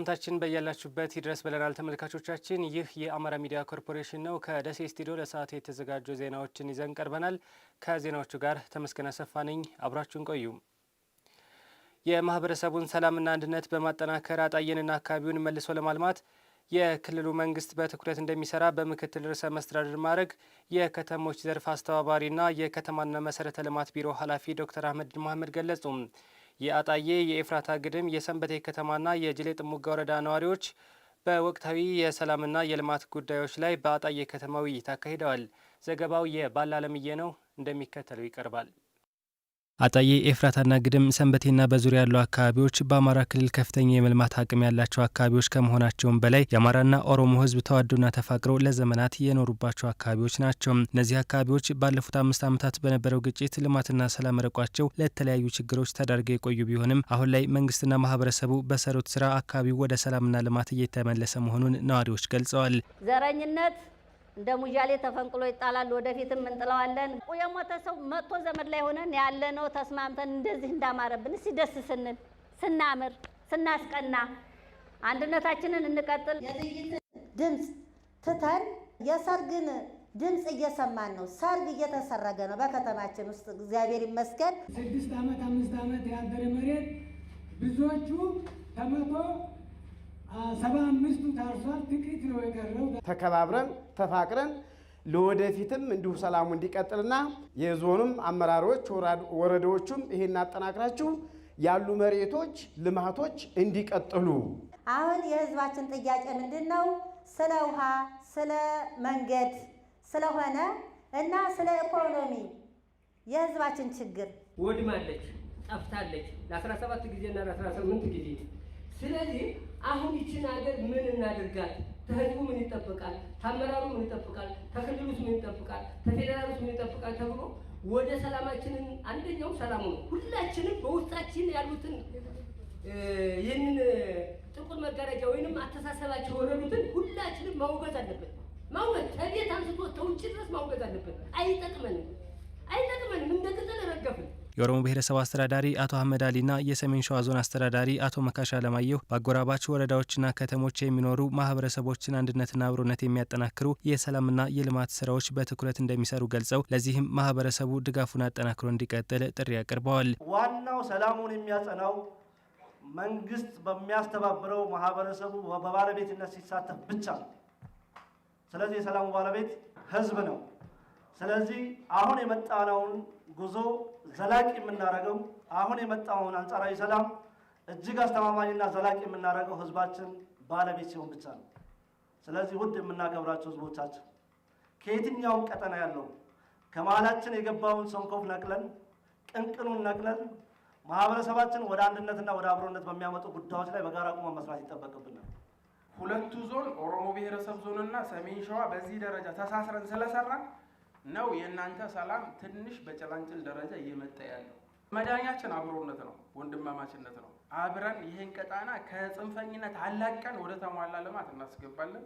ሰላምታችን በያላችሁበት ይድረስ ብለናል ተመልካቾቻችን። ይህ የአማራ ሚዲያ ኮርፖሬሽን ነው። ከደሴ ስቱዲዮ ለሰዓት የተዘጋጁ ዜናዎችን ይዘን ቀርበናል። ከዜናዎቹ ጋር ተመስገን አሰፋ ነኝ። አብራችሁን ቆዩ። የማህበረሰቡን ሰላምና አንድነት በማጠናከር አጣየንና አካባቢውን መልሶ ለማልማት የክልሉ መንግስት በትኩረት እንደሚሰራ በምክትል ርዕሰ መስተዳድር ማዕረግ የከተሞች ዘርፍ አስተባባሪና የከተማና መሰረተ ልማት ቢሮ ኃላፊ ዶክተር አህመድ መሐመድ ገለጹ። የአጣዬ የኤፍራታ ግድም የሰንበቴ ከተማና የጅሌ ጥሙጋ ወረዳ ነዋሪዎች በወቅታዊ የሰላምና የልማት ጉዳዮች ላይ በአጣዬ ከተማ ውይይት አካሂደዋል። ዘገባው የባላለምዬ ነው፣ እንደሚከተለው ይቀርባል። አጣዬ ኤፍራታና ግድም ሰንበቴና በዙሪያ ያሉ አካባቢዎች በአማራ ክልል ከፍተኛ የመልማት አቅም ያላቸው አካባቢዎች ከመሆናቸውም በላይ የአማራና ኦሮሞ ሕዝብ ተዋዶና ተፋቅረው ለዘመናት የኖሩባቸው አካባቢዎች ናቸው። እነዚህ አካባቢዎች ባለፉት አምስት ዓመታት በነበረው ግጭት ልማትና ሰላም ርቋቸው ለተለያዩ ችግሮች ተዳርገው የቆዩ ቢሆንም አሁን ላይ መንግስትና ማህበረሰቡ በሰሩት ስራ አካባቢው ወደ ሰላምና ልማት እየተመለሰ መሆኑን ነዋሪዎች ገልጸዋል። ዘረኝነት እንደ ሙያሌ ተፈንቅሎ ይጣላል። ወደፊትም እንጥለዋለን። የሞተ ሰው መጥቶ ዘመድ ላይ ሆነን ያለ ነው ተስማምተን እንደዚህ እንዳማረብን እስኪ ደስ ስንል ስናምር ስናስቀና አንድነታችንን እንቀጥል። ድምፅ ትተን የሰርግን ድምፅ እየሰማን ነው። ሰርግ እየተሰረገ ነው በከተማችን ውስጥ እግዚአብሔር ይመስገን። ስድስት ዓመት አምስት ዓመት ያደረ መሬት ብዙዎቹ ከመቶ ሰባ አምስቱ ታርሷል። ጥቂት ነው የቀረው። ተከባብረን ተፋቅረን ለወደፊትም እንዲሁ ሰላሙ እንዲቀጥልና የዞኑም አመራሮች ወረዳዎቹም ይሄን አጠናክራችሁ ያሉ መሬቶች ልማቶች እንዲቀጥሉ። አሁን የህዝባችን ጥያቄ ምንድን ነው? ስለ ውሃ፣ ስለ መንገድ ስለሆነ እና ስለ ኢኮኖሚ የህዝባችን ችግር ወድማለች፣ ጠፍታለች ለ17 ጊዜና ለ18 ጊዜ። ስለዚህ አሁን ይችን ሀገር ምን እናድርጋት? ከህዝቡ ምን ይጠበቃል፣ ከአመራሩ ምን ይጠበቃል፣ ከክልሉስ ምን ይጠበቃል፣ ከፌዴራሉስ ምን ይጠበቃል ተብሎ ወደ ሰላማችንን አንደኛው ሰላሙ ነው። ሁላችንም በውስጣችን ያሉትን ይህንን ጥቁር መጋረጃ ወይንም አስተሳሰባቸው የወረዱትን ሁላችንም ማውገዝ አለብን። ማውገዝ ከቤት አንስቶ ተውጭ ድረስ ማውገዝ አለብን። አይጠቅመንም። የኦሮሞ ብሔረሰብ አስተዳዳሪ አቶ አህመድ አሊና የሰሜን ሸዋ ዞን አስተዳዳሪ አቶ መካሽ አለማየሁ በአጎራባች ወረዳዎችና ከተሞች የሚኖሩ ማህበረሰቦችን አንድነትና አብሮነት የሚያጠናክሩ የሰላምና የልማት ስራዎች በትኩረት እንደሚሰሩ ገልጸው ለዚህም ማህበረሰቡ ድጋፉን አጠናክሮ እንዲቀጥል ጥሪ አቅርበዋል። ዋናው ሰላሙን የሚያጸናው መንግስት በሚያስተባብረው ማህበረሰቡ በባለቤትነት ሲሳተፍ ብቻ ነው። ስለዚህ የሰላሙ ባለቤት ህዝብ ነው። ስለዚህ አሁን የመጣነውን ጉዞ ዘላቂ የምናደርገው አሁን የመጣውን አንጻራዊ ሰላም እጅግ አስተማማኝና ዘላቂ የምናደርገው ህዝባችን ባለቤት ሲሆን ብቻ ነው። ስለዚህ ውድ የምናገብራቸው ህዝቦቻችን ከየትኛውም ቀጠና ያለው ከመሀላችን የገባውን ሰንኮፍ ነቅለን ቅንቅኑን ነቅለን ማህበረሰባችን ወደ አንድነትና ወደ አብሮነት በሚያመጡ ጉዳዮች ላይ በጋራ ቁመን መስራት ይጠበቅብናል። ሁለቱ ዞን ኦሮሞ ብሔረሰብ ዞንና ሰሜን ሸዋ በዚህ ደረጃ ተሳስረን ስለሰራ ነው የእናንተ ሰላም ትንሽ በጭላንጭል ደረጃ እየመጣ ያለው። መዳኛችን አብሮነት ነው፣ ወንድማማችነት ነው። አብረን ይህን ቀጣና ከጽንፈኝነት አላቀን ወደ ተሟላ ልማት እናስገባለን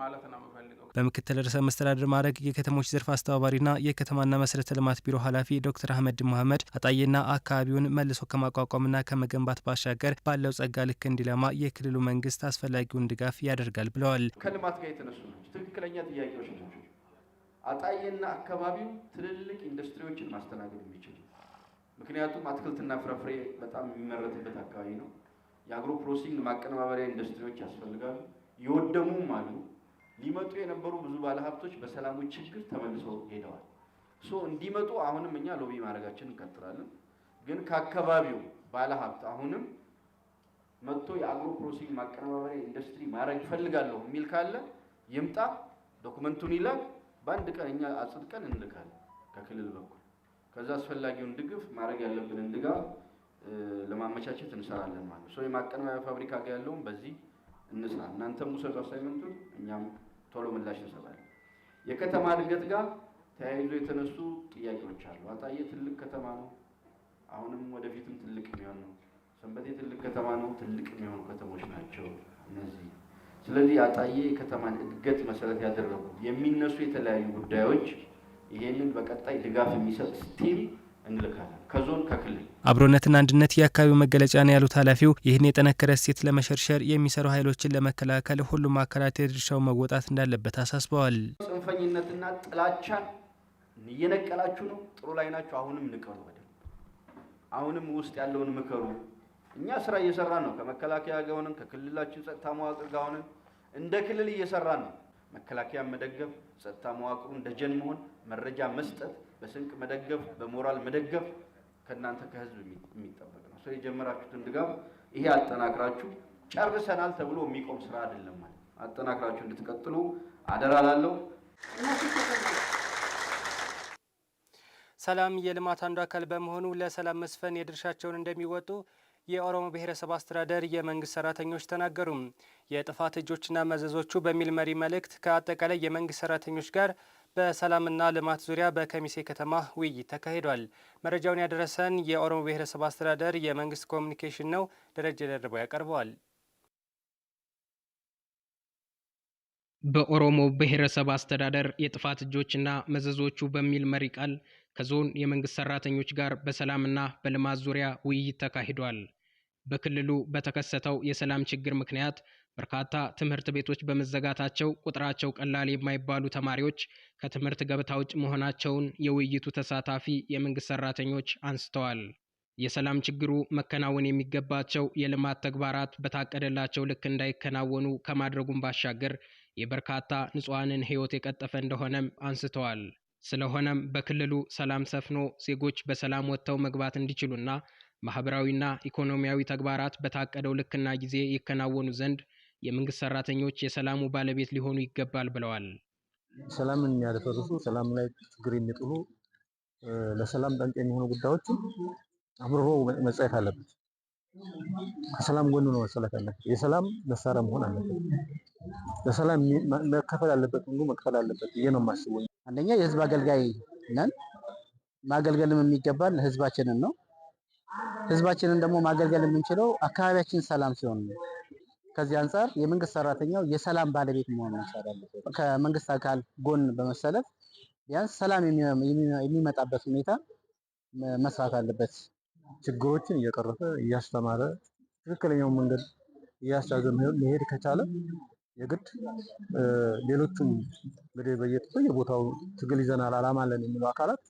ማለት ነው የምፈልገው። በምክትል ርዕሰ መስተዳድር ማድረግ የከተሞች ዘርፍ አስተባባሪና የከተማና መሰረተ ልማት ቢሮ ኃላፊ ዶክተር አህመድ መሐመድ አጣዬና አካባቢውን መልሶ ከማቋቋምና ከመገንባት ባሻገር ባለው ጸጋ ልክ እንዲለማ የክልሉ መንግስት አስፈላጊውን ድጋፍ ያደርጋል ብለዋል። ከልማት ጋር የተነሱ ናቸው ትክክለኛ ጥያቄዎች ናቸው። አጣዬና አካባቢው ትልልቅ ኢንዱስትሪዎችን ማስተናገድ የሚችል ምክንያቱም አትክልትና ፍራፍሬ በጣም የሚመረትበት አካባቢ ነው። የአግሮ ፕሮሲንግ ማቀነባበሪያ ኢንዱስትሪዎች ያስፈልጋሉ። የወደሙም አሉ። ሊመጡ የነበሩ ብዙ ባለሀብቶች በሰላሙ ችግር ተመልሰው ሄደዋል። ሶ እንዲመጡ አሁንም እኛ ሎቢ ማድረጋችን እንቀጥላለን። ግን ከአካባቢው ባለሀብት አሁንም መጥቶ የአግሮ ፕሮሲንግ ማቀነባበሪያ ኢንዱስትሪ ማድረግ ይፈልጋለሁ የሚል ካለ ይምጣ፣ ዶኩመንቱን ይላክ። በአንድ ቀን እኛ አጽድቀን እንልካለን ከክልል በኩል። ከዛ አስፈላጊውን ድግፍ ማድረግ ያለብንን ድጋፍ ለማመቻቸት እንሰራለን ማለት ነው። የማቀነባበያ ፋብሪካ ጋር ያለውን በዚህ እንስራ። እናንተም ውሰዱ አሳይመንቱን፣ እኛም ቶሎ ምላሽ እንሰጣለን። የከተማ እድገት ጋር ተያይዞ የተነሱ ጥያቄዎች አሉ። አጣዬ ትልቅ ከተማ ነው። አሁንም ወደፊትም ትልቅ የሚሆን ነው። ሰንበቴ ትልቅ ከተማ ነው። ትልቅ የሚሆኑ ከተሞች ናቸው እነዚህ ስለዚህ አጣዬ የከተማን እድገት መሰረት ያደረጉ የሚነሱ የተለያዩ ጉዳዮች ይህንን በቀጣይ ድጋፍ የሚሰጥ ስቲም እንልካለን ከዞን ከክልል። አብሮነትና አንድነት የአካባቢው መገለጫ ነው ያሉት ኃላፊው፣ ይህን የጠነከረ እሴት ለመሸርሸር የሚሰሩ ኃይሎችን ለመከላከል ሁሉም አካላት የድርሻው መወጣት እንዳለበት አሳስበዋል። ጽንፈኝነትና ጥላቻን እየነቀላችሁ ነው፣ ጥሩ ላይ ናችሁ። አሁንም ንቀሩ፣ አሁንም ውስጥ ያለውን ምከሩ። እኛ ስራ እየሰራን ነው። ከመከላከያ ጋር ሆነን ከክልላችን ጸጥታ መዋቅር ጋር ሆነን እንደ ክልል እየሰራን ነው። መከላከያ መደገፍ፣ ጸጥታ መዋቅሩን ደጀን መሆን፣ መረጃ መስጠት፣ በስንቅ መደገፍ፣ በሞራል መደገፍ ከእናንተ ከህዝብ የሚጠበቅ ነው። ሰው የጀመራችሁትን ድጋፍ ይሄ አጠናክራችሁ ጨርሰናል ተብሎ የሚቆም ስራ አይደለም ማለት አጠናክራችሁ እንድትቀጥሉ አደራላለሁ። ሰላም የልማት አንዱ አካል በመሆኑ ለሰላም መስፈን የድርሻቸውን እንደሚወጡ የኦሮሞ ብሔረሰብ አስተዳደር የመንግስት ሰራተኞች ተናገሩ። የጥፋት እጆችና መዘዞቹ በሚል መሪ መልእክት ከአጠቃላይ የመንግስት ሰራተኞች ጋር በሰላምና ልማት ዙሪያ በከሚሴ ከተማ ውይይት ተካሂዷል። መረጃውን ያደረሰን የኦሮሞ ብሔረሰብ አስተዳደር የመንግስት ኮሚኒኬሽን ነው። ደረጀ ደርበው ያቀርበዋል። በኦሮሞ ብሔረሰብ አስተዳደር የጥፋት እጆችና መዘዞቹ በሚል መሪ ቃል ከዞን የመንግስት ሰራተኞች ጋር በሰላምና በልማት ዙሪያ ውይይት ተካሂዷል። በክልሉ በተከሰተው የሰላም ችግር ምክንያት በርካታ ትምህርት ቤቶች በመዘጋታቸው ቁጥራቸው ቀላል የማይባሉ ተማሪዎች ከትምህርት ገበታ ውጭ መሆናቸውን የውይይቱ ተሳታፊ የመንግስት ሰራተኞች አንስተዋል። የሰላም ችግሩ መከናወን የሚገባቸው የልማት ተግባራት በታቀደላቸው ልክ እንዳይከናወኑ ከማድረጉም ባሻገር የበርካታ ንጹሐንን ሕይወት የቀጠፈ እንደሆነም አንስተዋል። ስለሆነም በክልሉ ሰላም ሰፍኖ ዜጎች በሰላም ወጥተው መግባት እንዲችሉና ማህበራዊና ኢኮኖሚያዊ ተግባራት በታቀደው ልክና ጊዜ ይከናወኑ ዘንድ የመንግስት ሰራተኞች የሰላሙ ባለቤት ሊሆኑ ይገባል ብለዋል። ሰላምን የሚያደፈርሱ ሰላም ላይ ችግር የሚጥሉ ለሰላም ጠንቅ የሚሆኑ ጉዳዮች አምርሮ መጻየት አለበት። ከሰላም ጎን ነው መሰለፍ ያለበት። የሰላም መሳሪያ መሆን አለበት። ለሰላም መከፈል አለበት ሁሉ መክፈል አለበት ብዬ ነው የማስበው። አንደኛ የህዝብ አገልጋይ ነን፣ ማገልገልም የሚገባን ህዝባችንን ነው። ህዝባችንን ደግሞ ማገልገል የምንችለው አካባቢያችን ሰላም ሲሆን ነው። ከዚህ አንጻር የመንግስት ሰራተኛው የሰላም ባለቤት መሆን መቻል አለበት። ከመንግስት አካል ጎን በመሰለፍ ቢያንስ ሰላም የሚመጣበት ሁኔታ መስራት አለበት። ችግሮችን እየቀረፈ እያስተማረ ትክክለኛውን መንገድ እያስተዛዘ መሄድ ከቻለ የግድ ሌሎቹም እንግዲህ በየቦታው ትግል ይዘናል አላማ አለን የሚሉ አካላት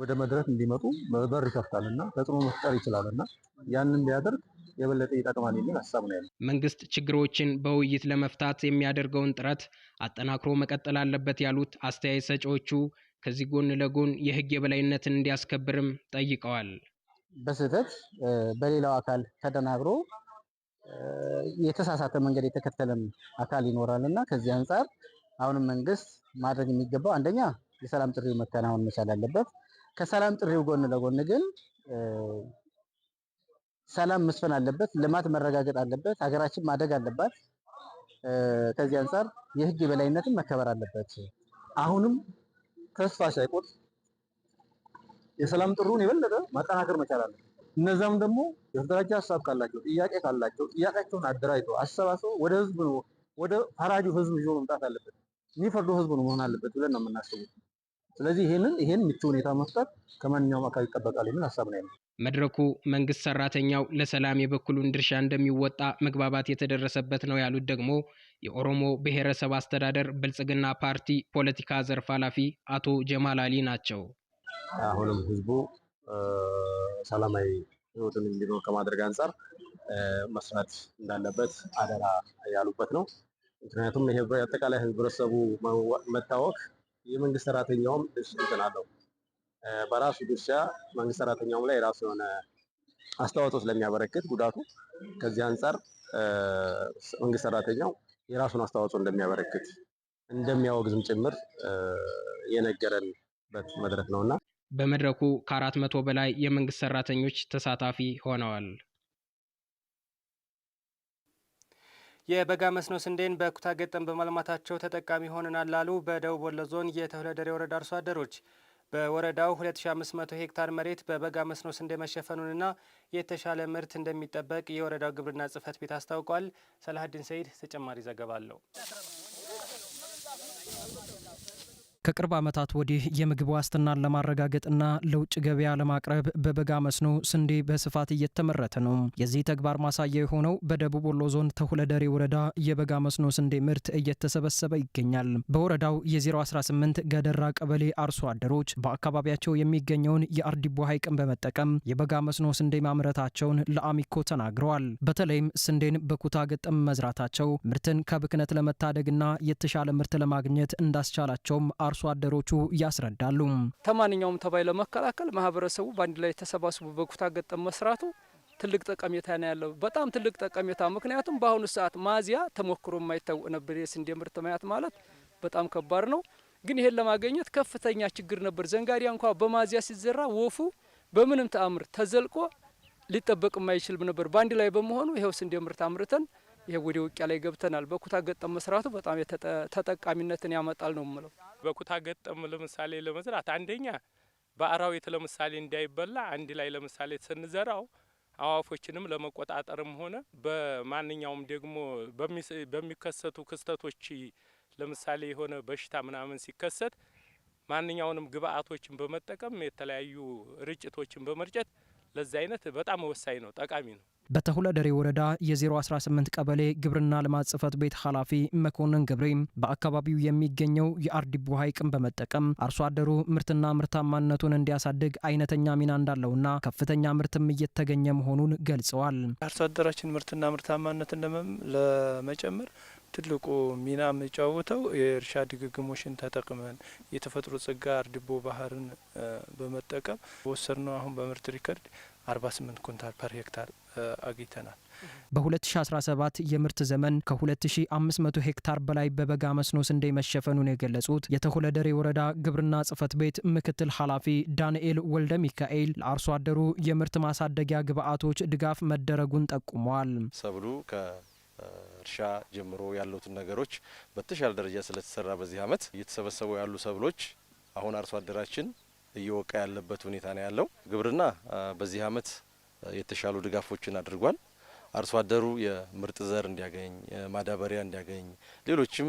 ወደ መድረክ እንዲመጡ በር ይከፍታል እና ተጽዕኖ መፍጠር ይችላል እና ያንን ቢያደርግ የበለጠ ይጠቅማል የሚል ሀሳብ ነው ያለው። መንግስት ችግሮችን በውይይት ለመፍታት የሚያደርገውን ጥረት አጠናክሮ መቀጠል አለበት ያሉት አስተያየት ሰጪዎቹ ከዚህ ጎን ለጎን የህግ የበላይነትን እንዲያስከብርም ጠይቀዋል። በስህተት በሌላው አካል ተደናግሮ የተሳሳተ መንገድ የተከተለም አካል ይኖራል እና ከዚህ አንጻር አሁንም መንግስት ማድረግ የሚገባው አንደኛ የሰላም ጥሪው መከናወን መቻል አለበት። ከሰላም ጥሪው ጎን ለጎን ግን ሰላም መስፈን አለበት፣ ልማት መረጋገጥ አለበት፣ ሀገራችን ማደግ አለባት። ከዚህ አንጻር የህግ የበላይነትን መከበር አለበት። አሁንም ተስፋ ሳይቆርጥ የሰላም ጥሩን የበለጠ ማጠናከር መቻል አለበት። እነዛም ደግሞ የተደራጀ ሀሳብ ካላቸው ጥያቄ ካላቸው ጥያቄያቸውን አደራጅተው አሰባስበው ወደ ህዝብ ነው ወደ ፈራጁ ህዝብ ይዞ መምጣት አለበት። የሚፈርዱ ህዝብ ነው መሆን አለበት ብለን ነው የምናስቡት። ስለዚህ ይህንን ይህን ምቹ ሁኔታ መፍጠር ከማንኛውም አካል ይጠበቃል የሚል ሀሳብ ነው መድረኩ መንግስት ሰራተኛው ለሰላም የበኩሉን ድርሻ እንደሚወጣ መግባባት የተደረሰበት ነው ያሉት ደግሞ የኦሮሞ ብሔረሰብ አስተዳደር ብልጽግና ፓርቲ ፖለቲካ ዘርፍ ኃላፊ አቶ ጀማል አሊ ናቸው። አሁንም ህዝቡ ሰላማዊ ህይወትን እንዲኖር ከማድረግ አንጻር መስራት እንዳለበት አደራ ያሉበት ነው። ምክንያቱም ይሄ አጠቃላይ ህብረተሰቡ መታወክ የመንግስት ሰራተኛውም ድርሻ እንትን በራሱ ድርሻ መንግስት ሰራተኛውም ላይ የራሱ የሆነ አስተዋጽኦ ስለሚያበረክት ጉዳቱ ከዚህ አንጻር መንግስት ሰራተኛው የራሱን አስተዋጽኦ እንደሚያበረክት እንደሚያወግዝም ጭምር የነገረንበት መድረክ ነውና በመድረኩ ከአራት መቶ በላይ የመንግስት ሰራተኞች ተሳታፊ ሆነዋል። የበጋ መስኖ ስንዴን በኩታ ገጠም በማልማታቸው ተጠቃሚ ሆነናል ላሉ በደቡብ ወሎ ዞን የተሁለደሬ ወረዳ አርሶ አደሮች በወረዳው 2500 ሄክታር መሬት በበጋ መስኖ ስንዴ መሸፈኑንና የተሻለ ምርት እንደሚጠበቅ የወረዳው ግብርና ጽሕፈት ቤት አስታውቋል። ሰላሀዲን ሰይድ ተጨማሪ ዘገባ አለው። ከቅርብ ዓመታት ወዲህ የምግብ ዋስትናን ለማረጋገጥና ለውጭ ገበያ ለማቅረብ በበጋ መስኖ ስንዴ በስፋት እየተመረተ ነው። የዚህ ተግባር ማሳያ የሆነው በደቡብ ወሎ ዞን ተሁለደሬ ወረዳ የበጋ መስኖ ስንዴ ምርት እየተሰበሰበ ይገኛል። በወረዳው የ018 ገደራ ቀበሌ አርሶ አደሮች በአካባቢያቸው የሚገኘውን የአርዲቦ ሐይቅን በመጠቀም የበጋ መስኖ ስንዴ ማምረታቸውን ለአሚኮ ተናግረዋል። በተለይም ስንዴን በኩታ ገጥም መዝራታቸው ምርትን ከብክነት ለመታደግና የተሻለ ምርት ለማግኘት እንዳስቻላቸውም አርሶ አርሶ አደሮቹ ያስረዳሉ። ከማንኛውም ተባይ ለመከላከል ማህበረሰቡ በአንድ ላይ ተሰባስቦ በኩታ ገጠም መስራቱ ትልቅ ጠቀሜታ ነው ያለው። በጣም ትልቅ ጠቀሜታ ምክንያቱም በአሁኑ ሰዓት ማዚያ ተሞክሮ የማይታወቅ ነበር። የስንዴ ምርት ማያት ማለት በጣም ከባድ ነው። ግን ይሄን ለማገኘት ከፍተኛ ችግር ነበር። ዘንጋሪያ እንኳ በማዚያ ሲዘራ ወፉ በምንም ተአምር ተዘልቆ ሊጠበቅ የማይችል ነበር። በአንድ ላይ በመሆኑ ይኸው ስንዴ ምርት አምርተን ይሄ ወደ ላይ ገብተናል። በኩታ ገጠም መስራቱ በጣም ተጠቃሚነትን ያመጣል ነው የምለው። በኩታ ገጠም ለምሳሌ ለመስራት አንደኛ በአራዊት ለምሳሌ እንዳይበላ አንድ ላይ ለምሳሌ ስንዘራው አዋፎችንም ለመቆጣጠርም ሆነ በማንኛውም ደግሞ በሚከሰቱ ክስተቶች ለምሳሌ የሆነ በሽታ ምናምን ሲከሰት ማንኛውንም ግብአቶችን በመጠቀም የተለያዩ ርጭቶችን በመርጨት ለዚህ አይነት በጣም ወሳኝ ነው፣ ጠቃሚ ነው። በተሁለደሬ ወረዳ የ018 ቀበሌ ግብርና ልማት ጽህፈት ቤት ኃላፊ መኮንን ገብሬ በአካባቢው የሚገኘው የአርዲቦ ሐይቅን በመጠቀም አርሶ አደሩ ምርትና ምርታማነቱን እንዲያሳድግ አይነተኛ ሚና እንዳለውና ከፍተኛ ምርትም እየተገኘ መሆኑን ገልጸዋል። አርሶ አደራችን ምርትና ምርታማነትን ለመጨመር ትልቁ ሚና የሚጫወተው የእርሻ ድግግሞሽን ተጠቅመን የተፈጥሮ ጸጋ አርዲቦ ባህርን በመጠቀም ወሰድ ነው። አሁን በምርት ሪከርድ 48 ኩንታል ፐር ሄክታር አግኝተናል። በ2017 የምርት ዘመን ከ2500 ሄክታር በላይ በበጋ መስኖ ስንዴ መሸፈኑን የገለጹት የተኮለደሬ ወረዳ ግብርና ጽሕፈት ቤት ምክትል ኃላፊ ዳንኤል ወልደ ሚካኤል ለአርሶ አደሩ የምርት ማሳደጊያ ግብዓቶች ድጋፍ መደረጉን ጠቁመዋል። ሰብሉ ከእርሻ ጀምሮ ያሉትን ነገሮች በተሻለ ደረጃ ስለተሰራ በዚህ ዓመት እየተሰበሰቡ ያሉ ሰብሎች አሁን አርሶ አደራችን እየወቃ ያለበት ሁኔታ ነው ያለው። ግብርና በዚህ ዓመት የተሻሉ ድጋፎችን አድርጓል። አርሶ አደሩ የምርጥ ዘር እንዲያገኝ፣ ማዳበሪያ እንዲያገኝ፣ ሌሎችም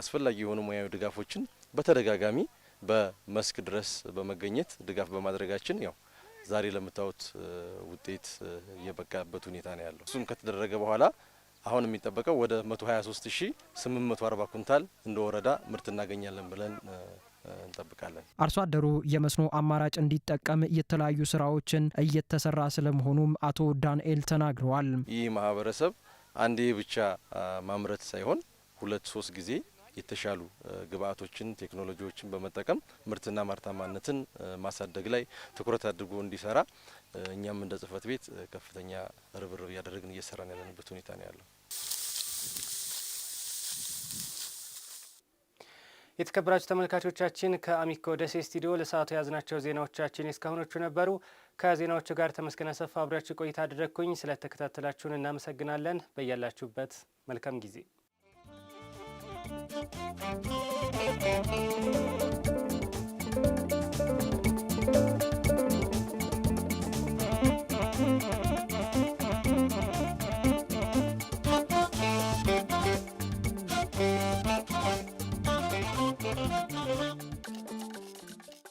አስፈላጊ የሆኑ ሙያዊ ድጋፎችን በተደጋጋሚ በመስክ ድረስ በመገኘት ድጋፍ በማድረጋችን ያው ዛሬ ለምታዩት ውጤት እየበቃበት ሁኔታ ነው ያለው። እሱም ከተደረገ በኋላ አሁን የሚጠበቀው ወደ 123840 ኩንታል እንደ ወረዳ ምርት እናገኛለን ብለን እንጠብቃለን። አርሶ አደሩ የመስኖ አማራጭ እንዲጠቀም የተለያዩ ስራዎችን እየተሰራ ስለመሆኑም አቶ ዳንኤል ተናግረዋል። ይህ ማህበረሰብ አንዴ ብቻ ማምረት ሳይሆን ሁለት ሶስት ጊዜ የተሻሉ ግብአቶችን፣ ቴክኖሎጂዎችን በመጠቀም ምርትና ማርታማነትን ማሳደግ ላይ ትኩረት አድርጎ እንዲሰራ እኛም እንደ ጽህፈት ቤት ከፍተኛ ርብርብ እያደረግን እየሰራን ያለንበት ሁኔታ ነው ያለው። የተከበራችሁ ተመልካቾቻችን ከአሚኮ ደሴ ስቱዲዮ ለሰዓቱ የያዝናቸው ዜናዎቻችን እስካሁኖቹ ነበሩ። ከዜናዎቹ ጋር ተመስገን አሰፋ አብሪያችሁ ቆይታ አደረግኩኝ። ስለተከታተላችሁን እናመሰግናለን። በያላችሁበት መልካም ጊዜ